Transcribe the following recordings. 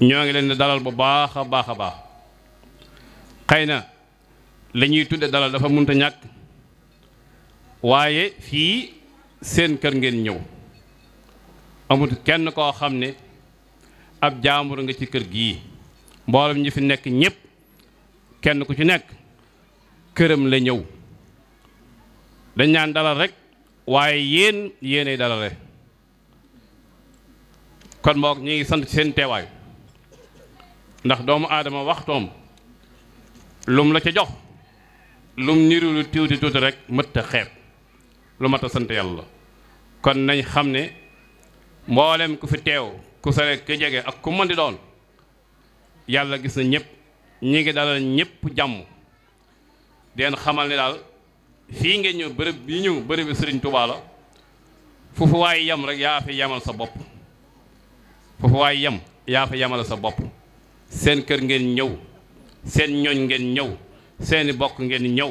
ñoo ngi leen di dalal bu baax a baax a baax xëy na lañuy tudd dalal dafa mënut a ñàkk waaye fii seen kër ngeen ñëw amut kenn koo xam ne ab jaambur nga ci kër gii mboolem ñu fi nekk ñépp kenn ku ci nekk këram la ñëw dañ naan dalal rek waaye yéen yéenay dalale kon mbokk ñu ngi sant seen teewaay ndax doomu aadama waxtoom lum la ca jox lum nirulu tuuti tuuti rek mëtt a xeeb lu mat a sant yàlla kon nañ xam ne mboolem ku fi teew ku sore ku jege ak ku mën di doon yàlla gis na ñëpp ñi ngi dalal ñëpp jàmm deen xamal ne daal fii ngeen ñëw bërëb bi ñëw bërëb bi sëriñ Tuubaa la foofu waay yem rek yaa fi yemal sa bopp foofu waay yam yaa fi yemal sa bopp seen kër ngeen ñëw seen ñooñ ngeen ñëw seeni bokk ngeen ñëw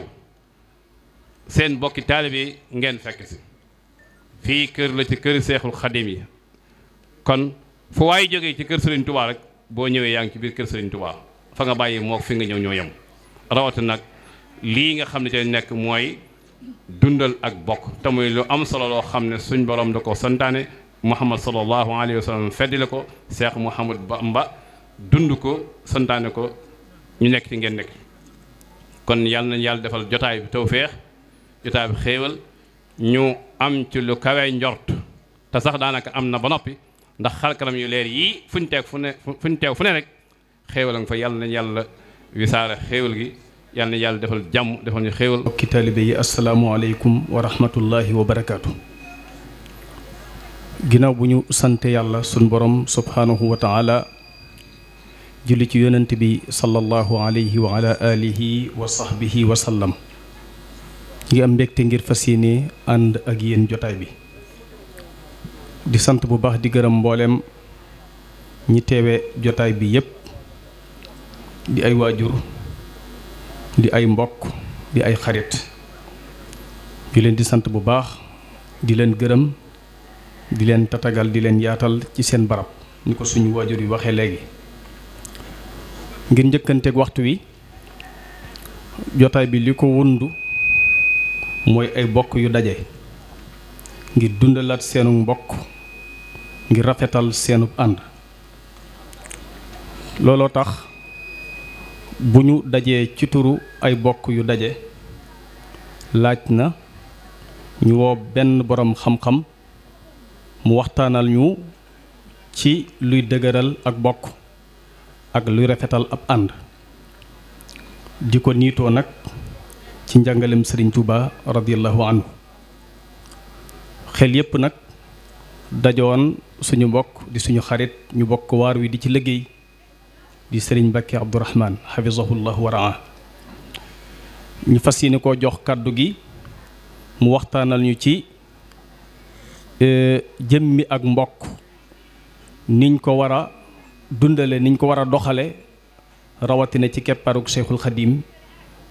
seen bokki taalibe yi ngeen fekk si fii kër la ci kër seexul xadim yi kon fu waaye jógee ci kër Serigne Touba rek boo ñëwee yaa ngi ci biir kër Serigne Touba fa nga bàyyi moo fi nga ñëw ñoo yem rawata nag lii nga xam ne tey nekk mooy dundal ak bokk te muy lu am solo loo xam ne suñ boroom da ko santaane Muhammad sallallahu alayhi wa sallam feddi la ko Seex Muhammad Bamba dund ko santaane ko ñu nekk ci ngeen nekk kon yàlla nañ yàlla defal jotaay bi tawféex jotaay bi xéewal ñu am ci lu kawee njort te sax daanaka am na ba noppi ndax xalkalam yu leer yii fuñ teeg fu ne fuñ teew fu ne rek xéewal nga fa yàlla nañ yàlla wisaare xéewal gi yàlla na yàlla defal jàmm defal ñu xéewal mbokki taalibe yi asalaamualeykum wa rahmatullahi wa barakaatu. ginnaaw bu ñu sante yàlla sun borom subhanahu wa taala julli ci yonent bi sallallahu alayhi wa ala alihi wa sahbihi wa sallam ngi am mbégte ngir fas yéene ànd ak yéen jotaay bi di sant bu baax di gërëm mbooleem ñi teewe jotaay bi yépp di ay waajur di ay mbokk di ay xarit di leen di sant bu baax di leen gërëm di leen tatagal di leen yaatal ci seen barab ni ko suñu waajur yi waxee léegi ngir njëkkanteeg waxtu wi jotaay bi li ko wundu mooy ay bokk yu daje ngir dundalaat seenu mbokk ngir rafetal seenu ànd looloo tax bu ñu dajee ci turu ay bokk yu daje laaj na ñu woo benn boroom xam-xam mu waxtaanal ñu ci luy dëgëral ak bokk ak lu rafetal ab ànd di ko niitoo nag ci njàngalem sëriñ Tuuba radiyallahu anhu xel yépp nag dajoon suñu mbokk di suñu xarit ñu bokk waar wi di ci liggéey di sëriñ Mbàkke Abdourahman xafisahullahu waraa ñu fas yéene koo jox kàddu gi mu waxtaanal ñu ci eh, jëmmi ak mbokk niñ ko war dundale niñ ko war a doxale rawatina ci kepparuk Seexul Xadiim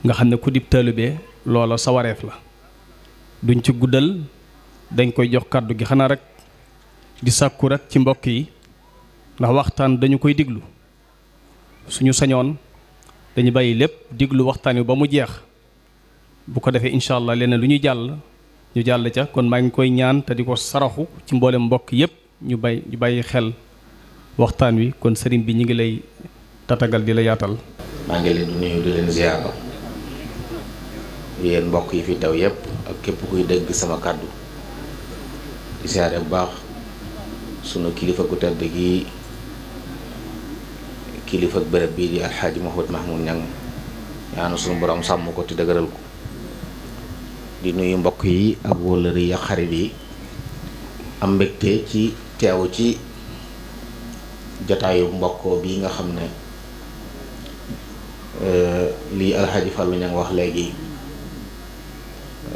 nga xam ne ku dib taalibe loola sa wareef la duñ ci guddal dañ koy jox kàddu gi xanaa rek di sàkku rek ci mbokk yi ndax waxtaan dañu koy diglu suñu sañoon dañu bàyyi lépp diglu waxtaan wi ba mu jeex bu ko defee incha allah leneen lu ñuy jàll ñu jàll ca kon maa ngi koy ñaan te di ko saraxu ci mboolem mbokk yépp ñu bay ñu bàyyi xel waxtaan wi kon sëriñ bi ñu ngi lay tatagal di la yaatal. maa ngi leen nuyu di leen ziar yéen mbokk yi fi teew yépp ak képp kuy dégg sama kàddu di ziare bu baax sunu kilifa gu tedd gi kilifa bërëb bi di alxaaji Mahmoud Mahmoud Niang ñaanu sunu borom sàmm ko te dëgëral ko di nuyu mbokk yi ak wóllëri ya xarit yi am mbégte ci teew ci. jataayu mbokkoo bii nga xam ne euh, lii alxaaji Fallou Niang wax léegi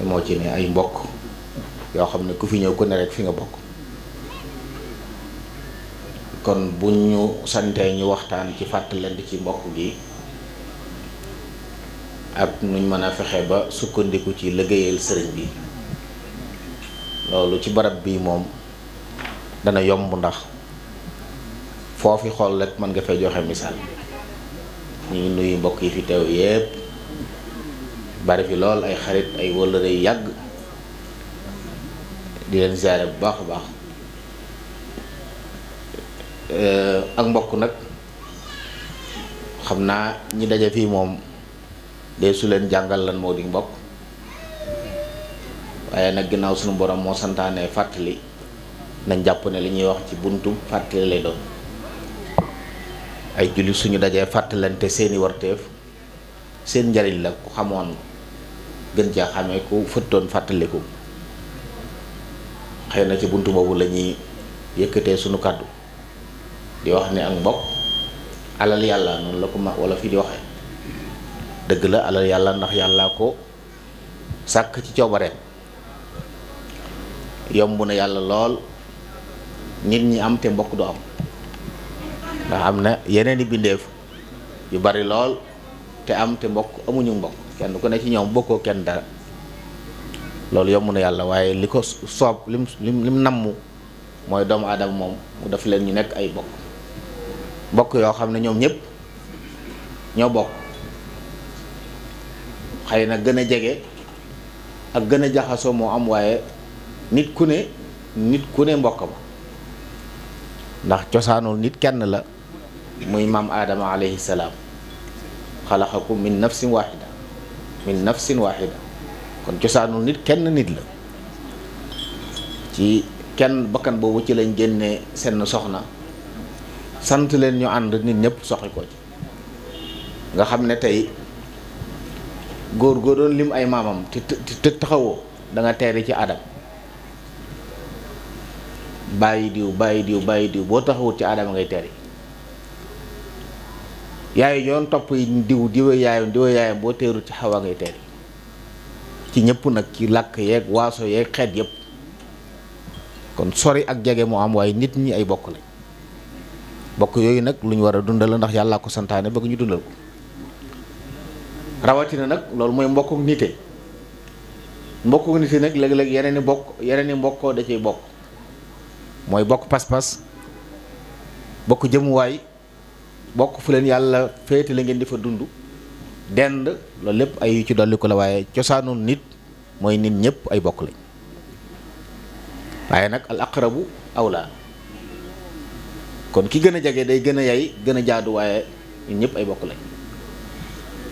moo ci ne ay mbokk yoo xam ne ku fi ñëw ku ne fi nga bokk kon bu ñu santee ñu waxtaan ci fàttalante ci mbokk gi ak nuñ mën a fexe ba sukkandiku ci liggéeyal sëriñ bi loolu ci barab bii moom dana yomb ndax foofu xool rek mën nga fay joxe misaal ñu ngi mbokk yi fi teew yépp bari fi lool ay xarit ay wëllëre yu yàgg di leen ziare bu baax a baax eh, ak mbokk nag xam naa ñi daje fii moom dee su leen jàngal lan moo di mbokk waaye nag ginnaaw suñu borom moo santaane fàttali nañ jàpp ne li ñuy wax ci buntu fàttali lay doon ay julli suñu dajee fàttalante seeni warteef seen njariñ la ku xamoon gën caa xamee ku fëttoon fàttaliku xëy na ci bunt boobu la ñuy yëkkatee suñu kàddu di wax ne ak mbokk alal yàlla noonu la ko mag wala fi di waxee dëgg la alal yàlla ndax yàlla ko sàkk ci coobareem yomb na yàlla lool nit ñi am te mbokk du am ndax am na yeneen i bindeef yu bari lool te am te mbokk amuñu mbokk kenn ku ne ci ñoom bokkoo kenn dara loolu yomb na yàlla waaye li ko soob lim lim lim namm mooy doomu aadama moom mu def leen ñu nekk ay bokk yoo xam ne ñoom ñëpp ñoo bokk xëy na gën a jege ak gën a jaxasoo moo am waaye nit ku ne nit ku ne mbokk ma ndax cosaanul nit kenn la muy maam aadama alayhi salaam xalaxakum min nafsin waxida min nafsin waxida kon cosaanul nit kenn nit la ci kenn bakkan boobu ci lañ génne seen soxna sant leen ñu ànd nit ñëpp soxi ko ci nga xam ne tey góor goo doon lim ay maamam te te taxawoo da nga ci adam bàyyi diw bàyyi diw bàyyi diw boo taxawut ci aadama ngay teeri yaayu yoon topp yi diw diwa yaayam diwa yaayam boo téerul ci xawa ngay teel ci ñëpp nag ci làkk yeeg waaso yeeg xeet yëpp kon sori ak jege moo am waaye nit ñi ay bokk lañ bokk yooyu nag lu ñu war a dundal ndax yàllaa ko santaane bëgg ñu dundal ko rawatina nag loolu mooy mbokku nite mbokku nite nag léeg-léeg yeneen i bokk yeneen i mbokkoo da cay bokk mooy bokk pas-pas bokk jëmuwaay bokk fu leen yàlla féete la ngeen di fa dund dend loolu lépp ay yu ci dolli ko la waaye cosaanu nit mooy nit ñëpp ay bokk lañ waaye nag al aw awla kon ki gën a jege day gën a yay gën a jaadu waaye ñun ñëpp ay bokk lañ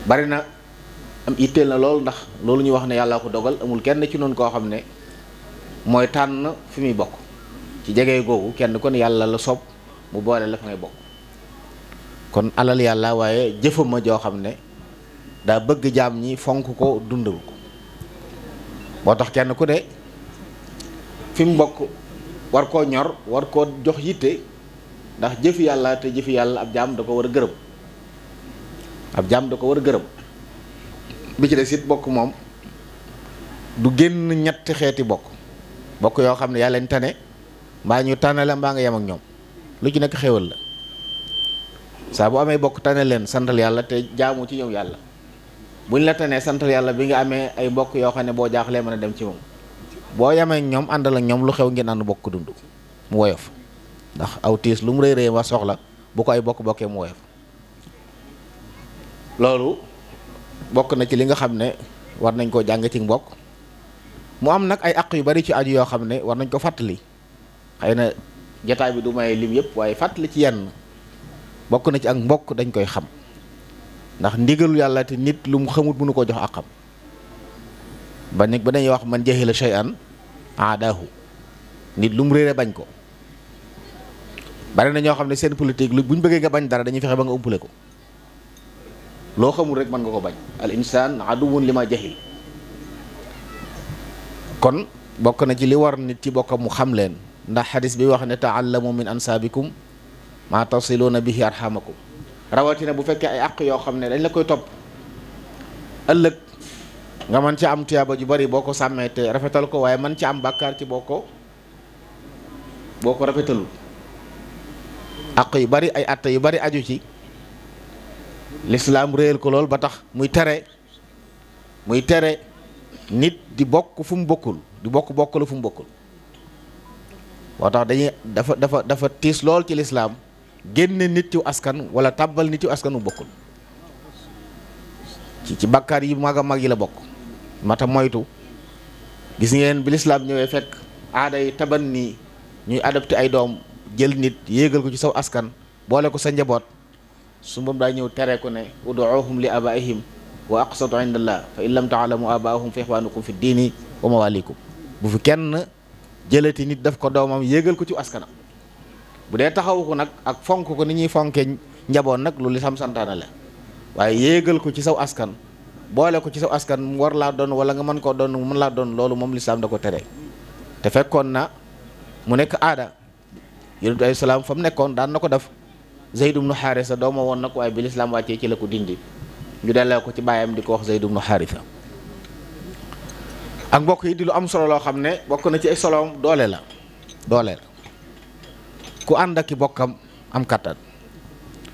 bari na am itteel na lool ndax loolu ñuy wax ne yàllaa ko dogal amul kenn ci noonu koo xam ne mooy tànn fi muy bokk ci jege googu kenn kon yàlla la sob mu boole la ngay bokk kon alal yàlla waaye jëfama joo xam ne daa bëgg jaam ñi fonk ko dund ko moo tax kenn ku ne fi mu bokk war koo ñor war koo jox yitte ndax jëfi yàlla te jëfi yàlla ab jaam da ko war a gërëb ab jaam da ko war a gërëb bi ci des it bokk moom du génn ñett xeeti bokk bokk yoo xam ne yaa leen tane mbaa ñu tànnale mbaa nga yem ak ñoom lu ci nekk xéwal la saa bu amee bokk tane leen santal yàlla te jaamu ci ñoom yàlla buñ la tanee santal yàlla bi nga amee ay mbokk yoo xam ne boo jaaxlee mën a dem ci moom boo yamee ñoom àndal ak ñoom lu xew ngeen ànd bokk dund mu woyof ndax aw tiis lu mu rëy rëy wax soxla bu ko ay bokk bokkee mu woyof loolu bokk na ci li nga xam ne war nañ koo jàng ci mbokk mu am nag ay àq yu bari ci aju yoo xam ne war nañ ko fàttali xëy na jataay bi du may lim yëpp waaye fàttali ci yenn bokk na ci ak mbokk dañ koy xam ndax ndigalu yàlla te nit lu mu xamut mënu ko jox ak xam ba nit ba dañuy wax man jahila shay'an aadahu nit lu mu réere bañ ko bari na ñoo xam ne seen politique lu bu bëggee nga bañ dara dañuy fexe ba nga umpule ko loo xamul rek mën nga ko bañ al insaan aduwun li ma jahil kon bokk na ci li war nit ci bokkam mu xam leen ndax xadis bi wax ne taallamu min ansaabikum maa tasiluuna bihi arxamakum rawatina bu fekkee ay àq yoo xam ne dañ la koy topp ëllëg nga mën ci am tuyaaba ju bari boo ko sàmmee te rafetal ko waaye mën ci am bàkkaar ci boo boo ko rafetalul àq yu bari ay àtte yu bari aju ci lislaam réyal ko lool ba tax muy tere muy tere nit di bokk fu mu bokkul di bokk bokk fu mu bokkul moo tax dañuy dafa dafa dafa tiis lool ci lislaam génne nit yu askan wala tàbbal nit yu askanu bokkul ci ci bàkkaar yi mag a mag yi la bokk mata moytu gis ngeen bi ñëwee fekk aada yi taban ñuy adopté ay doom jël nit yéegal ko ci saw askan boole ko sa njaboot su mbam daa ñëw tere ko ne uduuhum li abaihim wa aqsatu indallah fa in lam taalamu abaahum fa ixwaanukum fi diini wa mawalikum bu fi kenn jëlati nit daf ko doomam yéegal ko ci askanam bu dee taxawu ko nag ak fonk ko ni ñuy fonkee njaboot nag lu lislaam santaane la waaye yéegal ko ci saw askan boole ko ci saw askan mu war laa doon wala nga mën koo doon mën laa doon loolu moom lislaam da ko tere te fekkoon na mu nekk aada yonent alayhi salaam fa mu nekkoon daan na ko def Zayd ibnu Xaarisa dooma woon nag waaye bi lislaam wàccee ci la ko dindi ñu delloo ko ci bàyyam di ko wax Zayd ibnu Xaarisa ak mbokk yi di lu am solo loo xam ne bokk na ci ay soloom doole la doole la ku ànd ak i bokkam am kàttan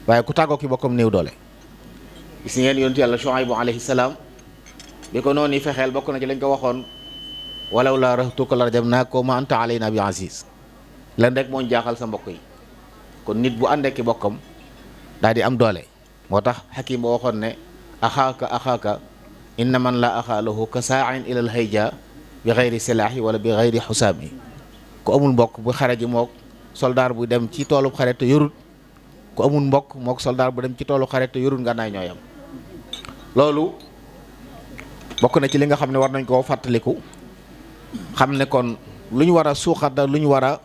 waaye ku tàggoo ki bokkam néew doole gis ngeen yontu yàlla Shuaybu alayhi salaam bi ko noonu fexeel bokk na ci lañ ko waxoon walaw laa rahtuka la rajamnaaka wa maa anta alaynaa bi aziiz lan rek moo jaaxal sa mbokk yi kon nit bu ànd ak i bokkam daal di am doole moo tax xakim ba waxoon ne axaaka axaaka inna man la axaa lahu ka saain ilal bi xayri silaahi wala bi xayri xusaami ku amul mbokk bu xare ji mook soldaar bu dem ci toolu xare te ku amul mbokk mook soldaar bu dem ci toolu xare te yorut nga naay ñooyam loolu bokk na ci li nga xam ne war nañ koo fàttaliku xam ne kon lu ñu war a suuxat lu ñu war a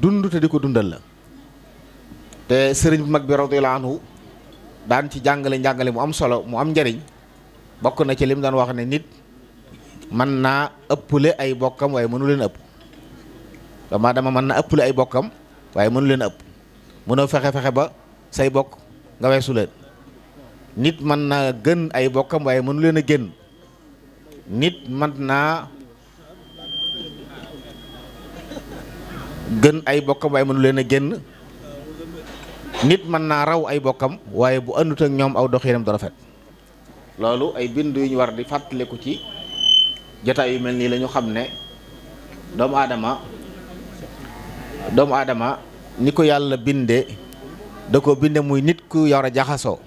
dund te di ko dundal la te sëriñ bu mag bi radiyallahu anhu daan ci jàngale njàngale mu am solo mu am njariñ bokk na ci lim daan wax ne nit mën naa ëpple ay bokkam waaye mënu leen ëpp doomu aadama mën na ëppale ay bokkam waaye mënu leen ëpp mënoo fexe fexe ba say bokk nga weesu leen nit mën naa gën ay bokkam waaye mënu leen a génn nit man naa gën ay bokkam waaye mënu leen a génn nit mën naa raw ay bokkam waaye bu àndut ñoom aw doxinam du rafet loolu ay bind yu war di fàttaliku ci jotaay yu mel nii la xam ne doomu aadama doomu aadama ni ko yàlla binde da ko binde muy nit ku yar a jaxasoo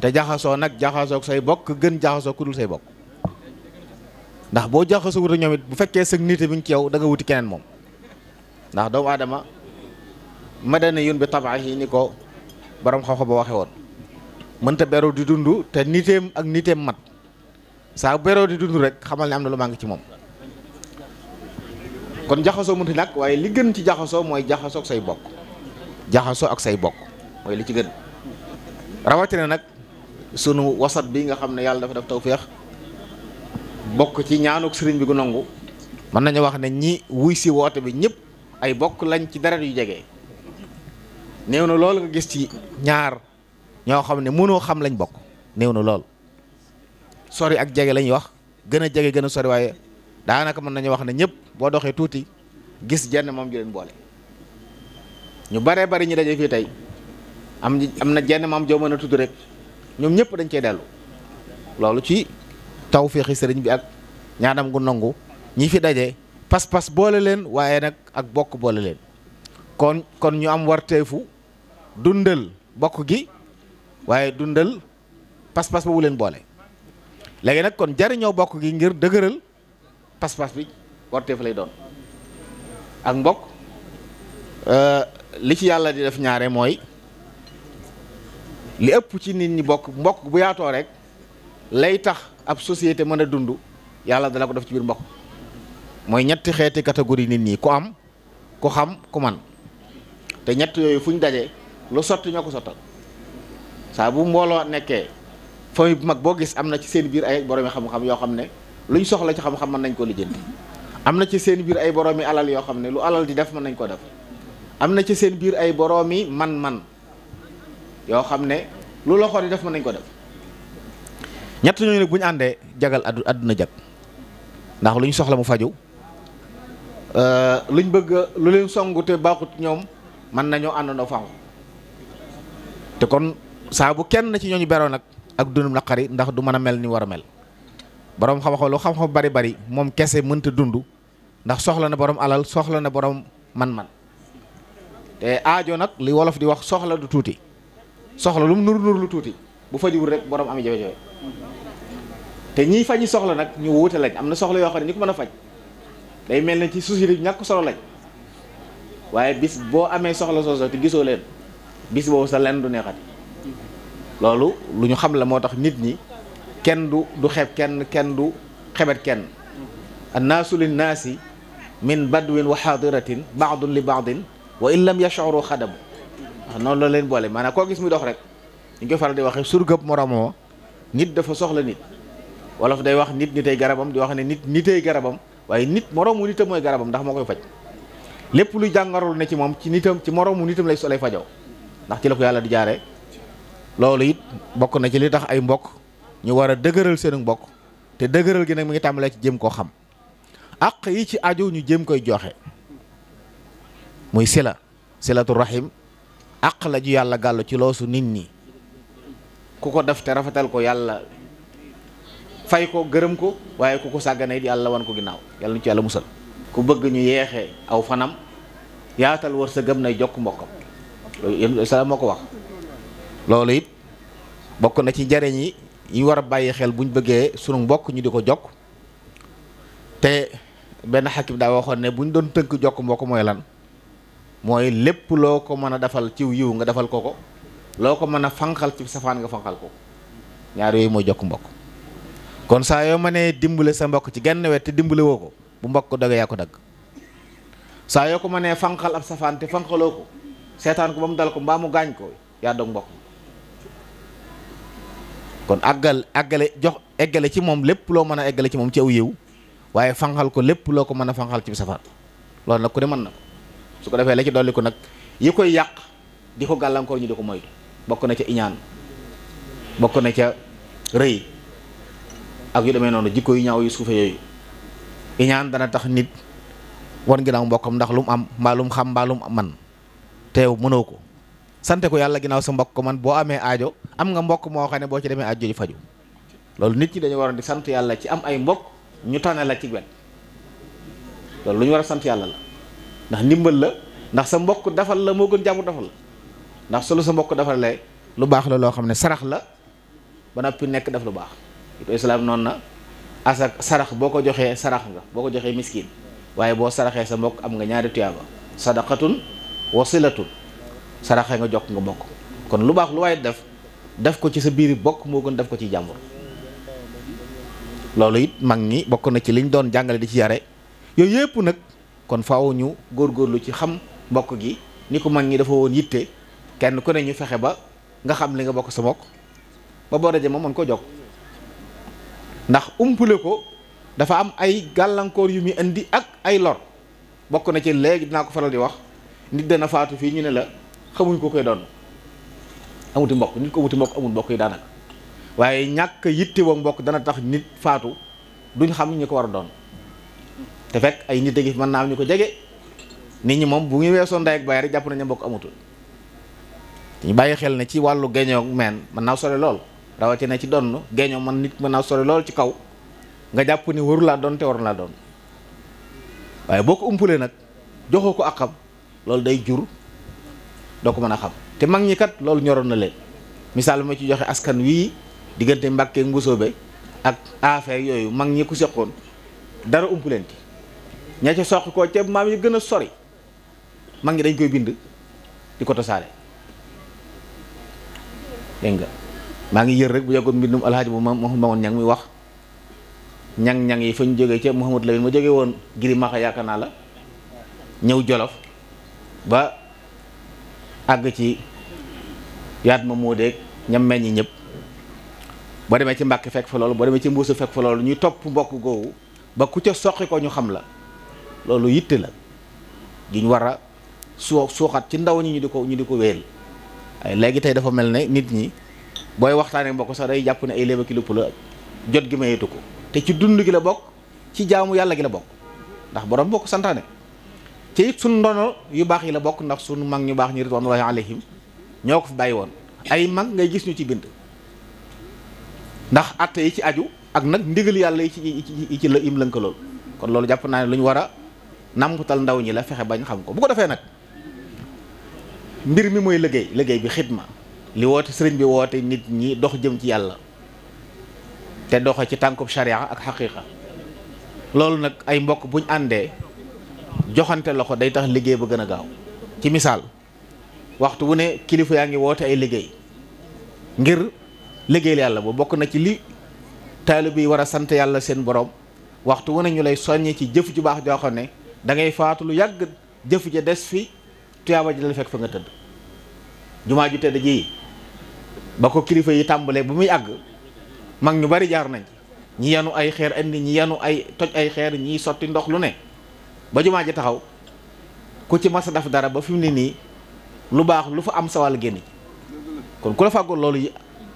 te jaxasoo nag jaxasoo say bokk gën jaxasoo ku dul say bokk ndax boo jaxasoo wut ñoom bu fekkee sëg nit bi ci yow danga wuti keneen moom ndax doomu aadama madani yun bi tabax yi ni ko borom xam-xam ba waxe woon mënta beru di dund te niteem ak niteem mat saa beru di dund rek xamal ne am na lu maa ngi ci moom kon jaxasoo mënti nag waaye li gën ci jaxasoo mooy jaxasoo ak say bokk jaxasoo ak say bokk mooy li ci gën rawatina nag sunu wasat bi nga xam ne yàlla dafa def tawféex bokk ci ñaanuk sëriñ bi gu nangu mën nañu wax ne ñi wuy si woote bi ñëpp ay bokk lañ ci deret yu jege néew na lool nga gis ci ñaar ñoo xam ne mënoo xam lañ bokk néew na lool sori ak jege lañuy wax gën a jege gën a sori waaye daanaka mën nañu wax ne ñëpp boo doxee tuuti gis jenn moom ju leen boole ñu baree bari ñu daje fii tey am na jenn moom joo mën a tudd rek ñoom ñëpp dañ cey dellu loolu ci taw tawféexi sëriñ bi ak ñaanam gu nangu ñi fi daje pas-pas boole leen waaye nag ak bokk boole leen kon kon ñu am warteefu dundal bokk gi waaye dundal pas-pas boobu leen boole léegi nag kon jariñoo bokk gi ngir dëgëral pas-pas bi warteef lay doon ak mbokk euh, li ci yàlla di def ñaare mooy li ëpp ci nit ñi bokk mbokk bu yaatoo rek lay tax ab société mën a dund yàlla dala ko def ci biir mbokk mooy ñetti xeeti catégorie nit ñi ku am ku xam ku man te ñett yooyu fu dajee lu sotti ñoo ko sottal saa bu mbooloo nekkee famille bu mag boo gis am na ci seen biir ay boroomi xam-xam yoo xam ne luñ soxla ci xam-xam mën nañ ko lijjanti am na ci seen biir ay boroomi alal yoo xam ne lu alal di def mën nañ ko def am na ci seen biir ay boroomi man-man yoo xam ne lu loxoo di def mën nañ ko def ñett ñooñu nag bu àndee jagal addu àdduna jag ndax lu ñu soxla mu faju euh, luñ bëgg lu leen songu te baaxut ñoom mën nañoo àndandoo fangu te kon saabu bu kenn ci ñooñu beroo nag ak dunum naqari ndax du mën a mel ni war a mel borom xam-xam lu xam-xam bari bari moom kese mënta dund ndax soxla na borom alal soxla na borom man-man te aajo nag li wolof di wax soxla du tuuti soxla lu mu nur nur lu tuuti bu fajiwul rek borom ami jafe-jafe te ñiy faji soxla nag ñu wuute lañ am na soxla yoo xam ne ñu ko mën a faj day mel na ci société bi ñàkk solo lañ waaye bis boo amee soxla sooso te gisoo leen bis boobu sa lenn du neexati loolu lu ñu xam la moo tax nit ñi. kenn du du xeeb kenn kenn du xebet kenn annaasu linnaasi min badwin wa xaadiratin baadun li baadin wa in lam yashuru xadamu waaw noonu la leen boole maanaam koo gis muy dox rek ñu ko faral di waxe surgëb moromoo nit dafa soxla nit wolof day wax nit nitay garabam di wax ne nit nitay garabam waaye nit moroomu nitam mooy garabam ndax moo koy faj lépp lu jàngarul ne ci moom ci nitam ci moroomu nitam lay solay fajoo ndax ci la ko yàlla di jaare loolu it bokk na ci li tax ay mbokk ñu war a dëgëral seen mbokk te dëgëral gi nag mu ngi tàmbalee ci jëm koo xam àq yi ci aju ñu jëm koy joxe muy sila silatu rahim àq la ju yàlla gàllu ci loosu nit ñi ku ko def te rafetal ko yàlla fay ko gërëm ko waaye ku ko sàggane it yàlla wan ko ginnaaw yàlla nu ci yàlla musal ku bëgg ñu yeexee aw fanam yaatal wërsëgam nay jokk mbokkam loolu yéen moo ko wax loolu it bokk na ci njariñ yi yi war a bàyyi xel bu ñu bëggee sunu mbokk ñu di ko jokk te benn xakim daa waxoon ne bu buñ doon tënk jokk mbokk mooy lan mooy lépp loo ko mën a defal ciw yiw nga defal ko ko loo ko mën a fanqal ci safaan nga fanqal ko ñaar yooyu mooy jokk mbokk kon saa yoo mënee dimbale sa mbokk ci genn wet te dimbale woo ko bu mbokk ko dogee yaa ko dagg saa yoo ko mënee fanqal ab safaan te fanqaloo ko seetaan ko ba mu dal ko mbaa mu gaañ ko yaa dog mbokk kon àggal àggale jox eggale ci moom lépp loo mën a eggale ci moom ci aw yiw waaye fanxal ko lépp loo ko mën a fanxal ci safar loolu nag ku ne mën na ko su ko defee la ci dolli ko nag yi koy yàq di ko gàllankoor ñi di ko moytu bokk na ca iñaan bokk na ca rëy ak yu demee noonu ñaaw yu suufe yooyu iñaan dana tax nit war ginnaaw mbokkam ndax lu mu am mbaalum xam mbaalum lu man teew mënoo ko sante ko yàlla ginaaw sa mbokk ko man boo amee aajo am nga mbokk moo xam ne boo ci demee aajo ji faju loolu nit ñi dañu waroon di sant yàlla ci am ay mbokk ñu tane la ci wet loolu lu ñu war a sant yàlla la ndax ndimbal la ndax sa mbokk defal la moo gën jàmbur dafal la ndax solo sa mbokk la lu baax la loo xam ne sarax la ba noppi nekk daf lu baax itu islaam noonu na asak sarax boo ko joxee sarax nga boo ko joxee miskin waaye boo saraxee sa mbokk am nga ñaari tuyaaba sadaqatun wa silatun saraxee nga jokk nga bokk kon lu baax lu waaye def def ko ci sa biir bokk moo gën def ko ci jàmbur loolu it mag ñi bokk na ci liñ doon jàngale di ci yare yooyu yëpp nag kon faaw ñu góorgóorlu ci xam mbokk gi ni ko mag ñi dafa woon yitte kenn ku ne ñu fexe ba nga xam li nga bokk sa mbokk ba boo ma mën ko jokk ndax umpule ko dafa am ay gàllankoor yu muy indi ak ay lor bokk na ci léegi dinaa ko faral di wax nit dana faatu fii ñu ne la xamuñ ko koy doon amuti mbokk nit ko amuti mbokk amul mbokk yi daanaka waaye ñàkk yitte woo mbokk dana tax nit faatu duñ xam ñi ko war a doon te ay nit a ngi mën ñu ko jege nit ñi moom bu ñu weesoo ndey ak baay rek jàpp nañu mbokk amatul ñu bàyyi xel ne ci wàllu géñoo meen mën naaw sole lool rawatina ci donn géñoo man nit mën naa sore lool ci kaw nga jàpp ni waru laa doon te waru doon waaye boo ko umpulee nag joxoo ko akam loolu day jur doo ko mën a xam te mag ñi kat loolu ñoroon na leen misaal ma ci joxe askan wii diggante Mbàkke Mbusoobe ak affaire yooyu mag ñi ku seqoon dara ump leen ci ña ca soq ko ca maam yi gën a sori mag ñi dañ koy bind di ko tasaare dégg nga maa ngi yër rek bu yàggoon mbindum alxaaji bu ma Maodo ñang muy wax ñang-ñang yi fa ñu jógee ca Mouhamadou Lamine ma jógee woon giri maxa yaakaar naa la ñëw jolof ba àgg ci yaat ma moo deeg mel meññi ñëpp boo demee ci Mbàkke fekk fa loolu boo demee ci mbuusu fekk fa loolu ñuy topp mbokk googu ba ku ca soqi ko ñu xam la loolu yitte la giñ war a suu suuxat ci ndaw ñi ñu di ko ñu di ko wéel ay léegi tey dafa mel ne nit ñi booy waxtaanee mbokk sax day jàpp ne ay léeba ki lupp la jot gi mayeetu ko te ci dund gi la bokk ci jaamu yàlla gi la bokk ndax borom bokk santaane ci it suñ ndono yu baax yi la bokk ndax suñu mag ñu baax ñu ridwanullahi alayhim ñoo ko fi bàyyi woon ay mag ngay gis ñu ci bind ndax atte yi ci aju ak nag ndigal yàlla yi ci yi ci la im lënka lool kon loolu jàpp naa ne lu ñu war a namputal ndaw ñi la fexe bañ xam ko bu ko defee nag mbir mi mooy liggéey liggéey bi xidma li woote sëriñ bi woote nit ñi dox jëm ci yàlla te doxe ci tànkub sharia ak xaqiqa loolu nag ay mbokk buñ àndee joxante loxo day tax liggéey ba gën a gaaw ci misaal waxtu wu ne kilifa yaa ngi woote ay liggéey ngir liggéeyal yàlla ba bokk na ci li taalibe yi war a sant yàlla seen borom waxtu wu ne ñu lay soññi ci jëf ju baax joo xam ne da ngay faatu lu yàgg jëf ja des fi tuyaaba ji dal fekk fa nga tëdd jumaa ju tëdd ji ba ko kilifa yi tàmbalee ba muy àgg mag ñu bari jaar nañ ñi yanu ay xeer indi ñi yanu ay toj ay xeer ñi sotti ndox lu ne ba jumaa ji taxaw ku ci mas a def dara ba fi mu ne nii lu baax lu fa am sawal wàll génn kon ku la fàggul loolu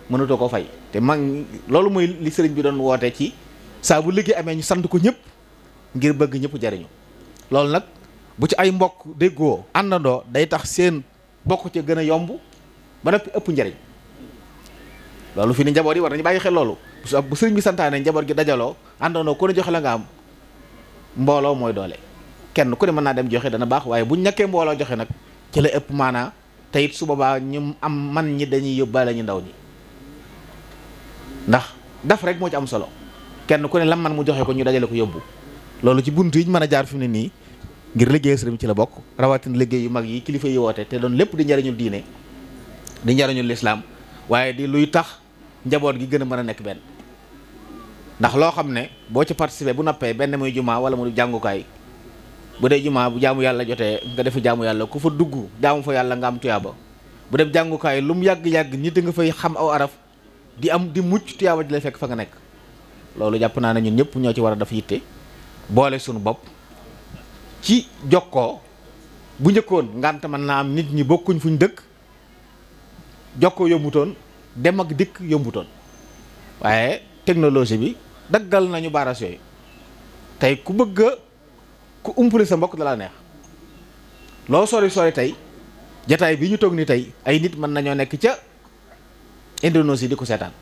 mënatoo ko fay te mag loolu mooy li sëriñ bi doon woote ci saa bu liggéey amee ñu sant ko ñëpp ngir bëgg ñëpp jariñu loolu nag bu ci ay mbokk déggoo àndandoo day tax seen bokk ci gën a yomb ba noppi ëpp njariñ loolu fi ni njaboot yi war nañu bàyyi xel loolu bu sëriñ bi santaane njaboot gi dajaloo àndandoo ku ne la nga am mbooloo mooy doole kenn ku ne mën naa dem joxe dana baax waaye bu ñàkkee mbooloo joxe nag ci la ëpp maanaa te it su boobaa ñu am man ñi dañuy yóbbaale ñu ndaw ñi ndax daf rek moo ci am solo kenn ku ne lam man mu joxe ko ñu dajale ko yóbbu loolu ci bunt yi ñu mën a jaar fi ne nii ngir liggéey sëriñ ci la bokk rawatin liggéey yu mag yi kilifa yi woote te doon lépp di njariñul diine di njariñul lislaam waaye di luy tax njaboot gi gën a mën a nekk benn ndax loo xam ne boo ci participer bu noppee benn muy jumaa wala mu jàngukaay bu dee jumaa bu jaamu yàlla jotee nga defi jaamu yàlla ku fa dugg jaamu fa yàlla nga am tuyaaba bu def jàngukaay lu mu yàgg-yàgg nit a nga fay xam aw araf di am di mucc tuyaaba di fekk fa nga nekk loolu jàpp naa ne ñun ñëpp ñoo ci war a def yitte boole sunu bopp ci jokkoo bu njëkkoon ngant man naa am nit ñi bokkuñ fu ñu dëkk jokkoo yombutoon dem ak dikk yombutoon waaye technologie bi daggal nañu baras yooyu tey ku bëgg ku umpale sa mbokk dalaa neex loo sori sori tey jataay bi ñu toog ni tey ay nit mën nañoo nekk ca Indonésie di ko seetaan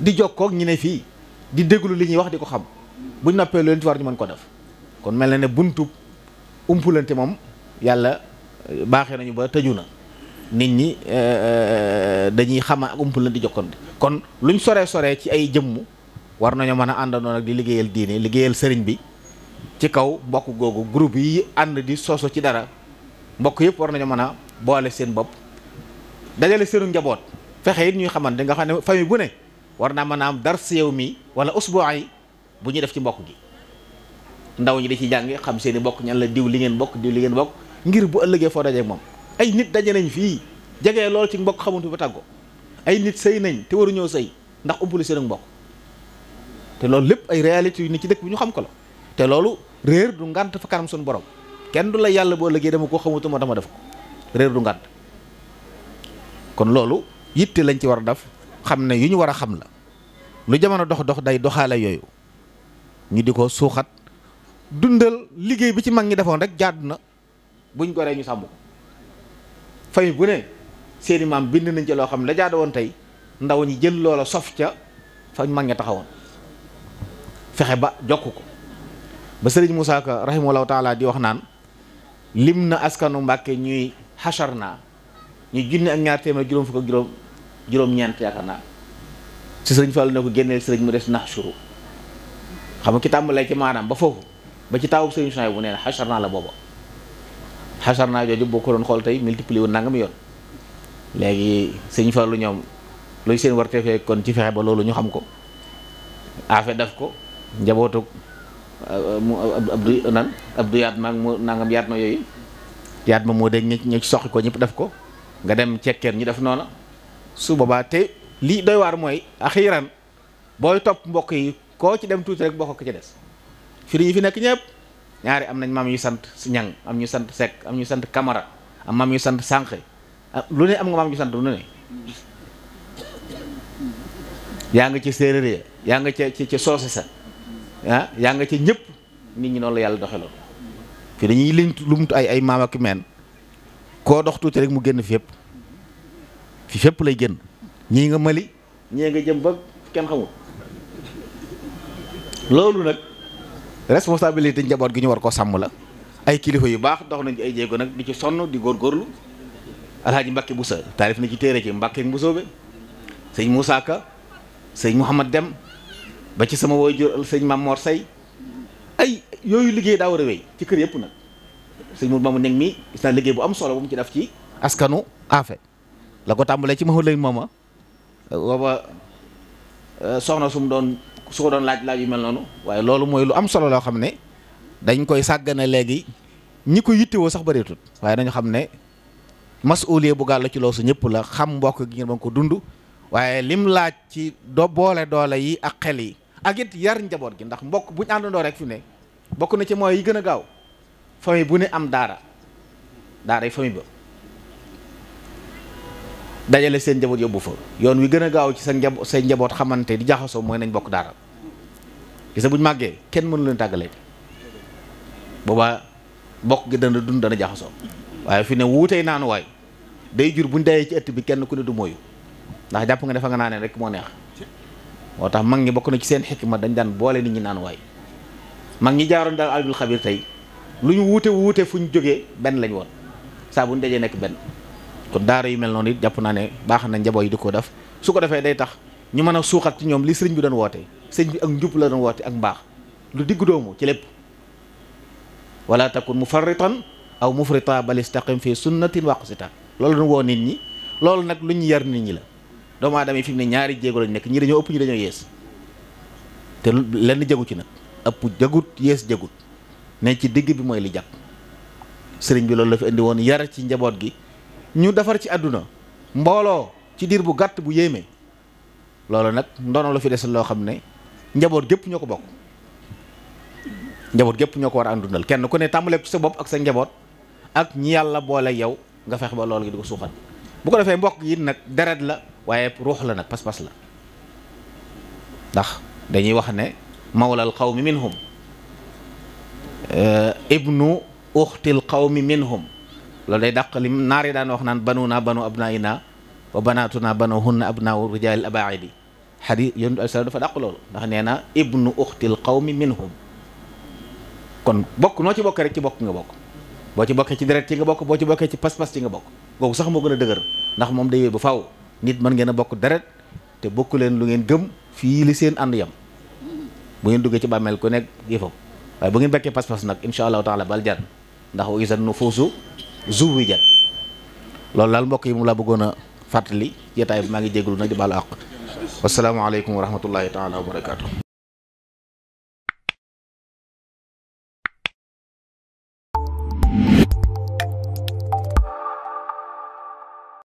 di jokkoo ak ñi ne fii di déglu li ñuy wax di ko xam buñ noppee lu leen ci war ñu mën ko def kon mel na ne buntu umpulante moom yàlla euh, baaxee nañu ba tëju na nit ñi euh, euh, dañuy xama ak umpulante jokkoonte kon lu ñu soree soree ci ay jëmm war nañoo mën a àndandoo nag di liggéeyal diine liggéeyal sëriñ bi ci kaw bokk googu group yi ànd di sooso ci dara mbokk yëpp war nañu mën a boole seen bopp dajale seenu njaboot fexe it ñuy xamante nga xam ne famille bu ne war naa mën a am dars yow mi wala usbuwaay yi bu ñu def ci mbokk gi ndaw ñi di ci jàng xam seen i mbokk ñan la diw li ngeen bokk diw li ngeen bokk ngir bu ëllëgee foo dajee moom ay nit daje nañ fii jege lool ci mbokk xamantu ba tàggo ay nit sëy nañ te waruñoo sëy ndax umpale seen mbokk te loolu lépp ay yu ne ci dëkk bi ñu xam ko la te loolu réer du ngant fa kanam suñu borom kenn du la yàlla boo liggéey dama ko xamatu moo dama def ko réer du ngànt kon loolu yitte lañ ci war a def xam ne yu ñu war a xam la lu jamono dox dox day doxaale yooyu ñu di ko suuxat dundal liggéey bi ci mag ñi defoon rek jaadu na buñ goree ñu sàmm ko fay bu ne seeni maam bind nañ ca loo xam ne la jaadu woon tey ndaw ñi jël loola sof ca fa mag ña taxawoon fexe ba jokk ko ba sëriñ Moussa Ka rahimahullahu di wax naan lim na askanu Mbàkke ñuy xachar naa ñuy junne ak ñaar téeméer juróom fukk ak juróom juróom-ñeent yaakaar naa si sëriñ Fallu ne ko génneel sëriñ mu des nax suru xam nga ki tàmbalee ci maanaam ba foofu ba ci taawub sëriñ Sonia bu nee na naa la booba xachar naa jooju boo ko doon xool tey multiplier wu nangam yoon léegi sëriñ Fallu ñoom luy seen warteefee kon ci fexe ba loolu ñu xam ko affaire def ko njabootu mu abdu nan abdu yaat maag mu nangam yaat ma yooyu yaat ma moo de ñu ci soqi ko ñëpp def ko nga dem cekkeer ñu def noona su boobaa te lii doy waar mooy axiiran booy topp mbokk yi koo ci dem tuuti rek bokk ko ci des firi yi fi nekk ñëpp ñaari am nañ maam yu sant si ñang am ñu sant sekk am ñu sant kamara am maam yu sant sànq ah, lu ne am nga maam yu sant lu ne yaa nga ci séeréer ya yaa nga ci ca soose sa Ah, yaa nga ca ñëpp nit ñi noonu la yàlla doxeloon fi dañuy liñ lumtu ay ay maam ak meen koo dox tuuti rek mu génn fi yëpp fi fépp lay génn ñi nga mali ñii nga jëm ba kenn xamul loolu nag responsabilité njaboot gi ñu war ko sàmm la ay kilifa yu baax dox nañ ay jéego nag di ci sonn di góor góorgóorlu alhaaji Mbàkke Buso taarif na ci téere ci Mbàkke Mbusoobe sëñ Moussa Ka sëñ Mouhamad Dem ba ci sama waajur sëñ Mame Mor Seye ay yooyu liggéey daa war a wéy ci kër yëpp nag sëñ Mour Mamadou Niang mi gis naa liggéey bu am solo bu mu ci def ci askanu Afe la ko tàmbalee ci ma Lamine Mooma booba euh, soxna su doon su doon laaj laaj yu mel noonu waaye loolu mooy lu am solo loo xam ne dañ koy sàggane léegi ñi ko yittewoo sax bëreetut waaye dañu xam ne masuuliye bu gàll ci loosu ñëpp la xam mbokk gi ngeen ba ko dund waaye lim laaj ci do boole doole yi ak xel yi. ak it yar njaboot gi ndax mbokk bu ñu rek fi ne bokk na ci mooy yi gën a gaaw famille bu ne am daara daara yi famille ba dajale seen njaboot yóbbu fa yoon wi gën a gaaw ci sa njaboot say njaboot xamante di jaxasoo mooy nañ bokk daara gis bu ñu màggee kenn mënu leen tàggalee booba bokk gi dana dund dana jaxasoo waaye fi ne wuutey naanuwaay day jur buñ dayee ci ëtt bi kenn ku ne du mooyu ndax jàpp nga ne fa nga naanee rek moo neex moo tax mag ñi bokk na ci seen xikma dañ daan boole nit ñi naan waay mag ñi jaaroon daal alimul xabir tey lu ñu wuute wuute fu ñu jógee benn lañ woon saabu bu ñu nekk benn kon daara yu mel noon it jàpp naa ne baax na njaboot yi du ko def su ko defee day tax ñu mën a suuxat ci ñoom li sëriñ bi doon wootee sëriñ bi ak njub la doon woote ak mbaax lu diggu doomu ci lépp wala takun mufarritan aw mufrita bal istaqim fi sunnatin waqsita loolu woo nit ñi loolu nag lu ñu yar nit ñi la doomu aadama yi fi mu ne ñaari jéego lañ nekk ñi dañoo ëpp ñi dañoo yees te lenn jagu ci nag ëpp jagut yees jagut ne ci digg bi mooy li jàpp sëriñ bi loolu la fi indi woon yar ci njaboot gi ñu defar ci àdduna mbooloo ci diir bu gàtt bu yéeme loolu nag ndono la fi des loo xam ne njaboot gépp ñoo ko bokk njaboot gépp ñoo ko war a àndundal kenn ku ne tàmbalee ci sa bopp ak sa njaboot ak ñi yàlla boole yow nga fex ba loolu gi di ko suuxat bu ko defee mbokk yit nag deret la waaye ruux la nag pas-pas la ndax dañuy wax ne mawlal qawmi minhum eh, ibnu uxtil qawmi minhum loolu day dàq li naar yi daan wax naan banu naa banu ab naa i naa wa banaatu naa banu hunna ab naaw rijaal abaidi xadi yonent bi salaam dafa daq loolu ndax nee na ibnu uxtil qawmi minhum kon bokk noo ci bokk rek ci bokk nga bokk boo ci bokkee ci deret ci nga bokk boo ci bokkee ci pas-pas ci nga bokk googu sax moo gën a dëgër ndax moom day wéy ba faw nit mën ngeen bokk deret te bokku leen lu ngeen gëm fii li seen ànd yam bu ngeen duggee ci bàmmeel ku nekk yëfam waaye bu ngeen bekkee pas-pas nag incha allahu taala bal jan ndax wa izan nufuusu zuwwijat loolu daal mbokk yi mu laa bëggoon a fàttali jotaay bi maa ngi jégalu nag di baal àq wasalaamaaleykum wa rahmatullahi taala wa barakaatu.